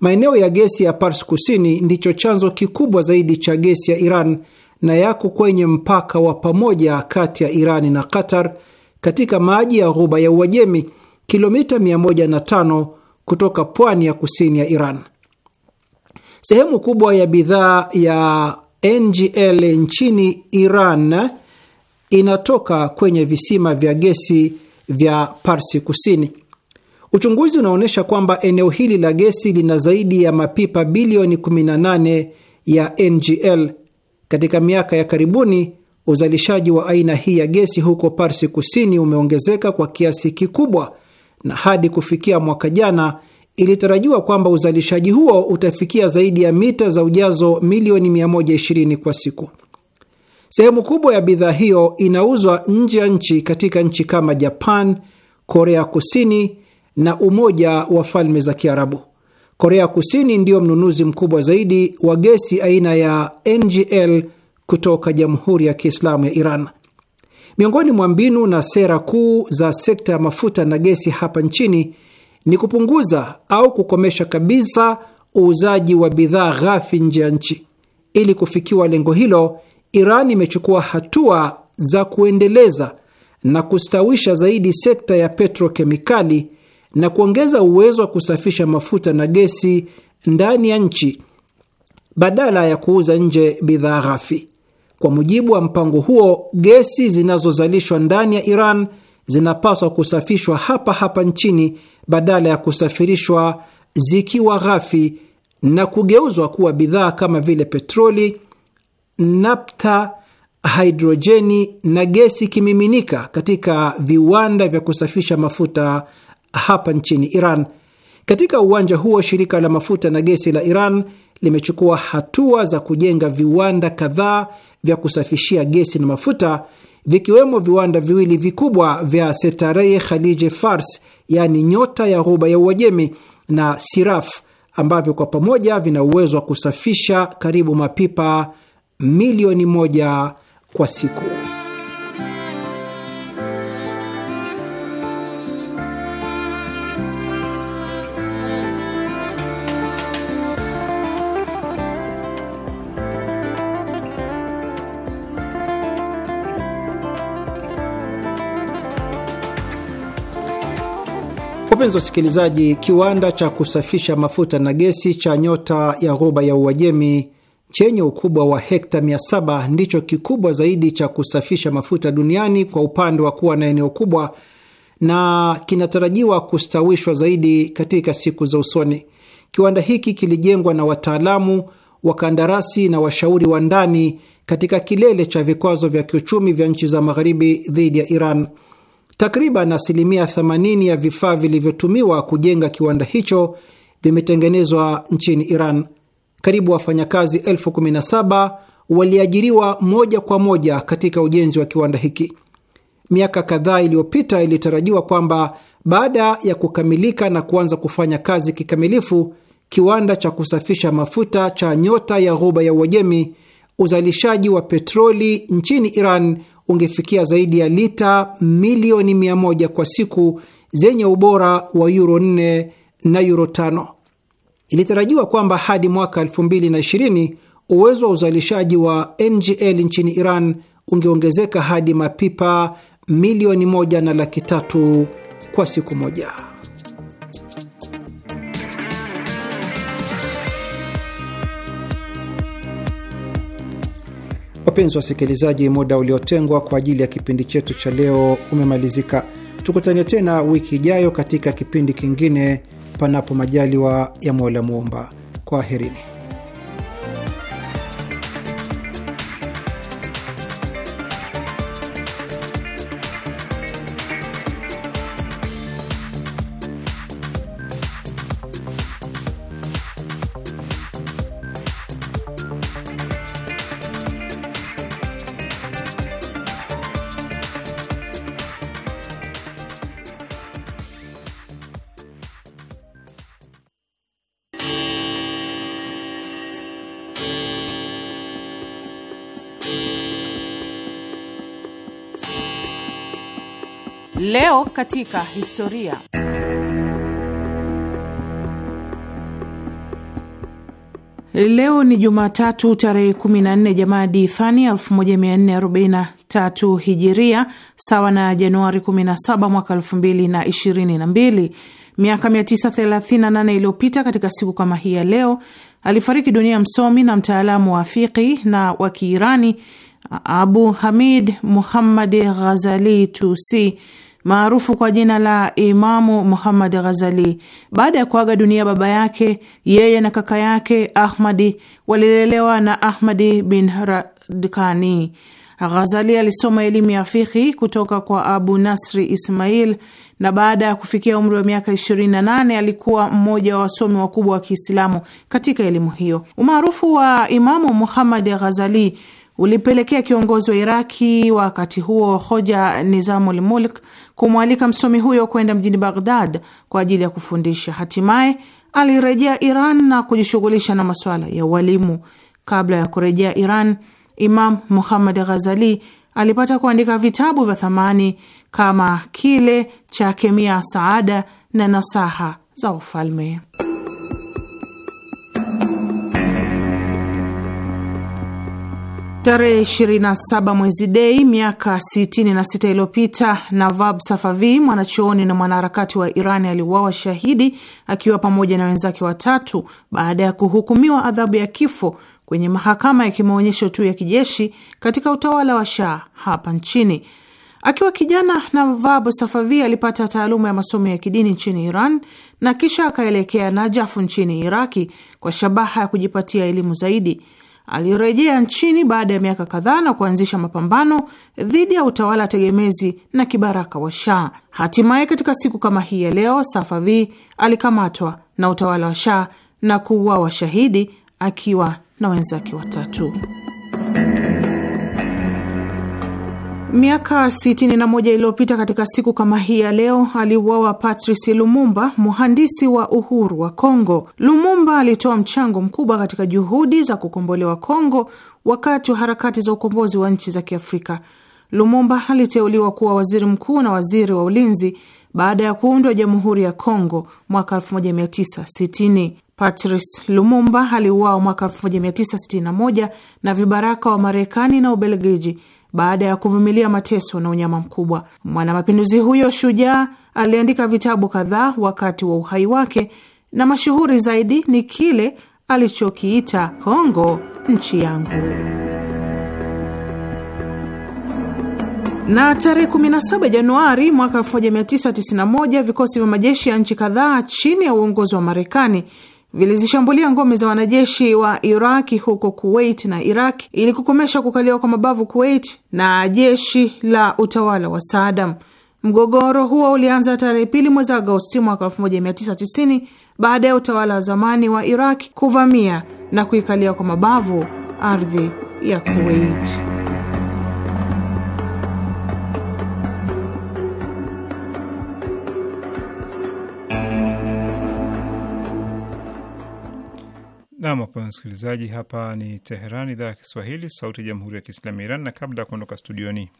Maeneo ya gesi ya Pars Kusini ndicho chanzo kikubwa zaidi cha gesi ya Iran na yako kwenye mpaka wa pamoja kati ya iran na Qatar katika maji ya ghuba ya Uajemi, kilomita 105 kutoka pwani ya kusini ya Iran. Sehemu kubwa ya bidhaa ya NGL nchini Iran inatoka kwenye visima vya gesi vya Parsi Kusini. Uchunguzi unaonyesha kwamba eneo hili la gesi lina zaidi ya mapipa bilioni 18 ya NGL. Katika miaka ya karibuni, uzalishaji wa aina hii ya gesi huko Parsi Kusini umeongezeka kwa kiasi kikubwa, na hadi kufikia mwaka jana ilitarajiwa kwamba uzalishaji huo utafikia zaidi ya mita za ujazo milioni 120 kwa siku. Sehemu kubwa ya bidhaa hiyo inauzwa nje ya nchi katika nchi kama Japan, Korea Kusini na Umoja wa Falme za Kiarabu. Korea Kusini ndiyo mnunuzi mkubwa zaidi wa gesi aina ya NGL kutoka Jamhuri ya Kiislamu ya Iran. Miongoni mwa mbinu na sera kuu za sekta ya mafuta na gesi hapa nchini ni kupunguza au kukomesha kabisa uuzaji wa bidhaa ghafi nje ya nchi. Ili kufikiwa lengo hilo, Iran imechukua hatua za kuendeleza na kustawisha zaidi sekta ya petrokemikali na kuongeza uwezo wa kusafisha mafuta na gesi ndani ya nchi badala ya kuuza nje bidhaa ghafi. Kwa mujibu wa mpango huo, gesi zinazozalishwa ndani ya Iran zinapaswa kusafishwa hapa hapa nchini badala ya kusafirishwa zikiwa ghafi na kugeuzwa kuwa bidhaa kama vile petroli, napta, hidrojeni na gesi kimiminika katika viwanda vya kusafisha mafuta hapa nchini Iran. Katika uwanja huo, shirika la mafuta na gesi la Iran limechukua hatua za kujenga viwanda kadhaa vya kusafishia gesi na mafuta vikiwemo viwanda viwili vikubwa vya Setarei Khalije Fars, yaani nyota ya ghuba ya Uajemi, na Siraf ambavyo kwa pamoja vina uwezo wa kusafisha karibu mapipa milioni moja kwa siku. Wapenzi wasikilizaji, kiwanda cha kusafisha mafuta na gesi cha nyota ya ghuba ya Uajemi chenye ukubwa wa hekta 700 ndicho kikubwa zaidi cha kusafisha mafuta duniani kwa upande wa kuwa na eneo kubwa na kinatarajiwa kustawishwa zaidi katika siku za usoni. Kiwanda hiki kilijengwa na wataalamu, wakandarasi na washauri wa ndani katika kilele cha vikwazo vya kiuchumi vya nchi za magharibi dhidi ya Iran. Takriban asilimia 80 ya vifaa vilivyotumiwa kujenga kiwanda hicho vimetengenezwa nchini Iran karibu wafanyakazi elfu kumi na saba waliajiriwa moja kwa moja katika ujenzi wa kiwanda hiki. Miaka kadhaa iliyopita, ilitarajiwa kwamba baada ya kukamilika na kuanza kufanya kazi kikamilifu kiwanda cha kusafisha mafuta cha Nyota ya Ghuba ya Uajemi, uzalishaji wa petroli nchini Iran ungefikia zaidi ya lita milioni mia moja kwa siku zenye ubora wa yuro 4 na yuro 5. Ilitarajiwa kwamba hadi mwaka 2020 uwezo wa uzalishaji wa NGL nchini Iran ungeongezeka hadi mapipa milioni moja na laki tatu kwa siku moja. Wapenzi wasikilizaji, muda uliotengwa kwa ajili ya kipindi chetu cha leo umemalizika. Tukutane tena wiki ijayo katika kipindi kingine panapo majaliwa ya Mola Muumba. Kwaherini. Leo katika historia. Leo ni Jumatatu tarehe 14 Jamadi Thani 1443 Hijiria, sawa na Januari 17 mwaka 2022. Miaka 938 iliyopita katika siku kama hii ya leo alifariki dunia msomi na mtaalamu wa fiqi na wa Kiirani Abu Hamid Muhammad Ghazali Tusi maarufu kwa jina la Imamu Muhammad Ghazali. Baada ya kuaga dunia baba yake, yeye na kaka yake Ahmadi walilelewa na Ahmadi bin Radkani. Ghazali alisoma elimu ya fikhi kutoka kwa Abu Nasri Ismail na baada ya kufikia umri wa miaka 28 alikuwa mmoja wa wasomi wakubwa wa Kiislamu katika elimu hiyo. Umaarufu wa Imamu Muhammad Ghazali ulipelekea kiongozi wa Iraki wakati huo hoja Nizamul Mulk kumwalika msomi huyo kwenda mjini Baghdad kwa ajili ya kufundisha. Hatimaye alirejea Iran na kujishughulisha na masuala ya ualimu. Kabla ya kurejea Iran, Imam Muhammad Ghazali alipata kuandika vitabu vya thamani kama kile cha Kemia Saada na Nasaha za Ufalme. Tarehe 27 mwezi Dei miaka 66 iliyopita, Navab Safavi, mwanachuoni na mwanaharakati wa Irani, aliuawa shahidi akiwa pamoja na wenzake watatu baada ya kuhukumiwa adhabu ya kifo kwenye mahakama ya kimaonyesho tu ya kijeshi katika utawala wa Shah hapa nchini. Akiwa kijana, Navab Safavi alipata taaluma ya masomo ya kidini nchini Iran na kisha akaelekea Najafu nchini Iraki kwa shabaha ya kujipatia elimu zaidi. Alirejea nchini baada ya miaka kadhaa na kuanzisha mapambano dhidi ya utawala tegemezi na kibaraka wa Shah. Hatimaye katika siku kama hii ya leo, Safavi alikamatwa na utawala wa Shah na kuuawa shahidi akiwa na wenzake watatu. Miaka 61 iliyopita katika siku kama hii ya leo aliuawa Patrice Lumumba, mhandisi wa uhuru wa Kongo. Lumumba alitoa mchango mkubwa katika juhudi za kukombolewa Kongo wakati wa harakati za ukombozi wa nchi za Kiafrika. Lumumba aliteuliwa kuwa waziri mkuu na waziri wa ulinzi baada ya kuundwa jamhuri ya Kongo mwaka 1960. Patrice Lumumba aliuawa mwaka 1961 na vibaraka wa Marekani na Ubelgiji baada ya kuvumilia mateso na unyama mkubwa. Mwanamapinduzi huyo shujaa aliandika vitabu kadhaa wakati wa uhai wake, na mashuhuri zaidi ni kile alichokiita Kongo nchi yangu. na tarehe 17 Januari mwaka 1991 vikosi vya majeshi ya nchi kadhaa chini ya uongozi wa Marekani vilizishambulia ngome za wanajeshi wa Iraki huko Kuwait na Iraq ili kukomesha kukaliwa kwa mabavu Kuwait na jeshi la utawala wa Saddam. Mgogoro huo ulianza tarehe pili mwezi Agosti mwaka 1990 baada ya utawala wa zamani wa Iraq kuvamia na kuikalia kwa mabavu ardhi ya Kuwait. Nam, wapenzi msikilizaji, hapa ni Teheran, idhaa ya Kiswahili, sauti ya jamhuri ya kiislamu ya Iran. Na kabla ya kuondoka studioni,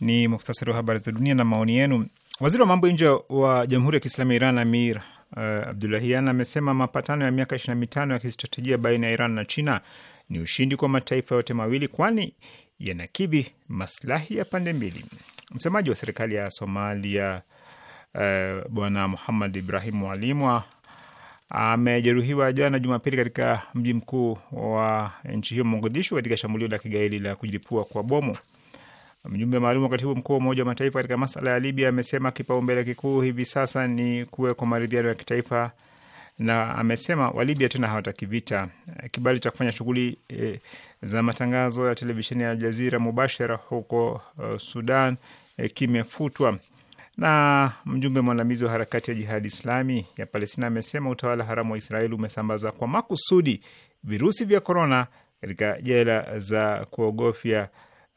ni muktasari wa habari za dunia na maoni yenu. Waziri wa mambo ya nje wa jamhuri ya kiislamu ya Iran Amir uh, eh, Abdulahian amesema mapatano ya miaka ishirini na mitano ya kistratejia baina ya Iran na China ni ushindi kwa mataifa yote mawili, kwani yanakidhi maslahi ya pande mbili. Msemaji wa serikali ya Somalia uh, Bwana Muhammad Ibrahim Walimwa amejeruhiwa jana Jumapili katika mji mkuu wa nchi hiyo Mogadishu, katika shambulio la kigaidi la kujilipua kwa bomu. Mjumbe maalum wa katibu mkuu wa Umoja wa Mataifa katika masala ya Libya amesema kipaumbele kikuu hivi sasa ni kuwekwa maridhiano ya kitaifa, na amesema Walibya tena hawataki vita. Kibali cha kufanya shughuli e, za matangazo ya televisheni ya Aljazira mubashara huko uh, Sudan e, kimefutwa. Na mjumbe mwandamizi wa harakati ya Jihadi Islami ya Palestina amesema utawala haramu wa Israeli umesambaza kwa makusudi virusi vya korona katika jela za kuogofya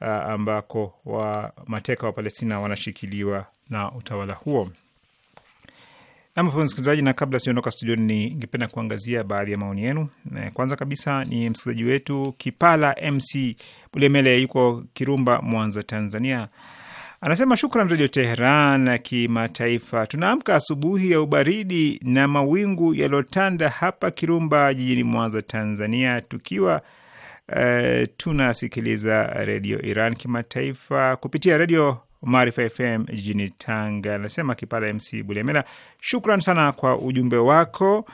uh, ambako wa mateka wa Palestina wanashikiliwa na utawala huo. Msikilizaji, na kabla sijaondoka studioni, ningependa kuangazia baadhi ya maoni yenu. Kwanza kabisa ni msikilizaji wetu Kipala MC Bulemele, yuko Kirumba, Mwanza, Tanzania. Anasema shukran Redio Teheran ya Kimataifa. Tunaamka asubuhi ya ubaridi na mawingu yaliyotanda hapa Kirumba jijini Mwanza, Tanzania, tukiwa uh, tunasikiliza Redio Iran Kimataifa kupitia redio Maarifa FM jijini Tanga. Anasema Kipala MC Buliamela, shukran sana kwa ujumbe wako.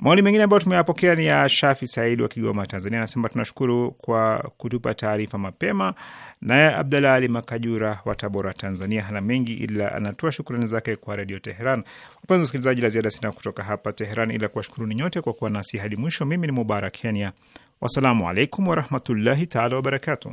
Maoni mengine ambayo tumeyapokea ni ya Shafi Saidi wa Kigoma, Tanzania. Anasema tunashukuru kwa kutupa taarifa mapema. Naye Abdallah Ali Makajura wa Tabora, Tanzania hana mengi ila anatoa shukrani zake kwa Redio Teheran. Wapenzi wasikilizaji, la ziada sina kutoka hapa Teheran ila kuwashukuruni nyote kwa kuwa nasi hadi mwisho. Mimi ni Mubarak Kenya, wassalamu alaikum warahmatullahi taala wabarakatuh.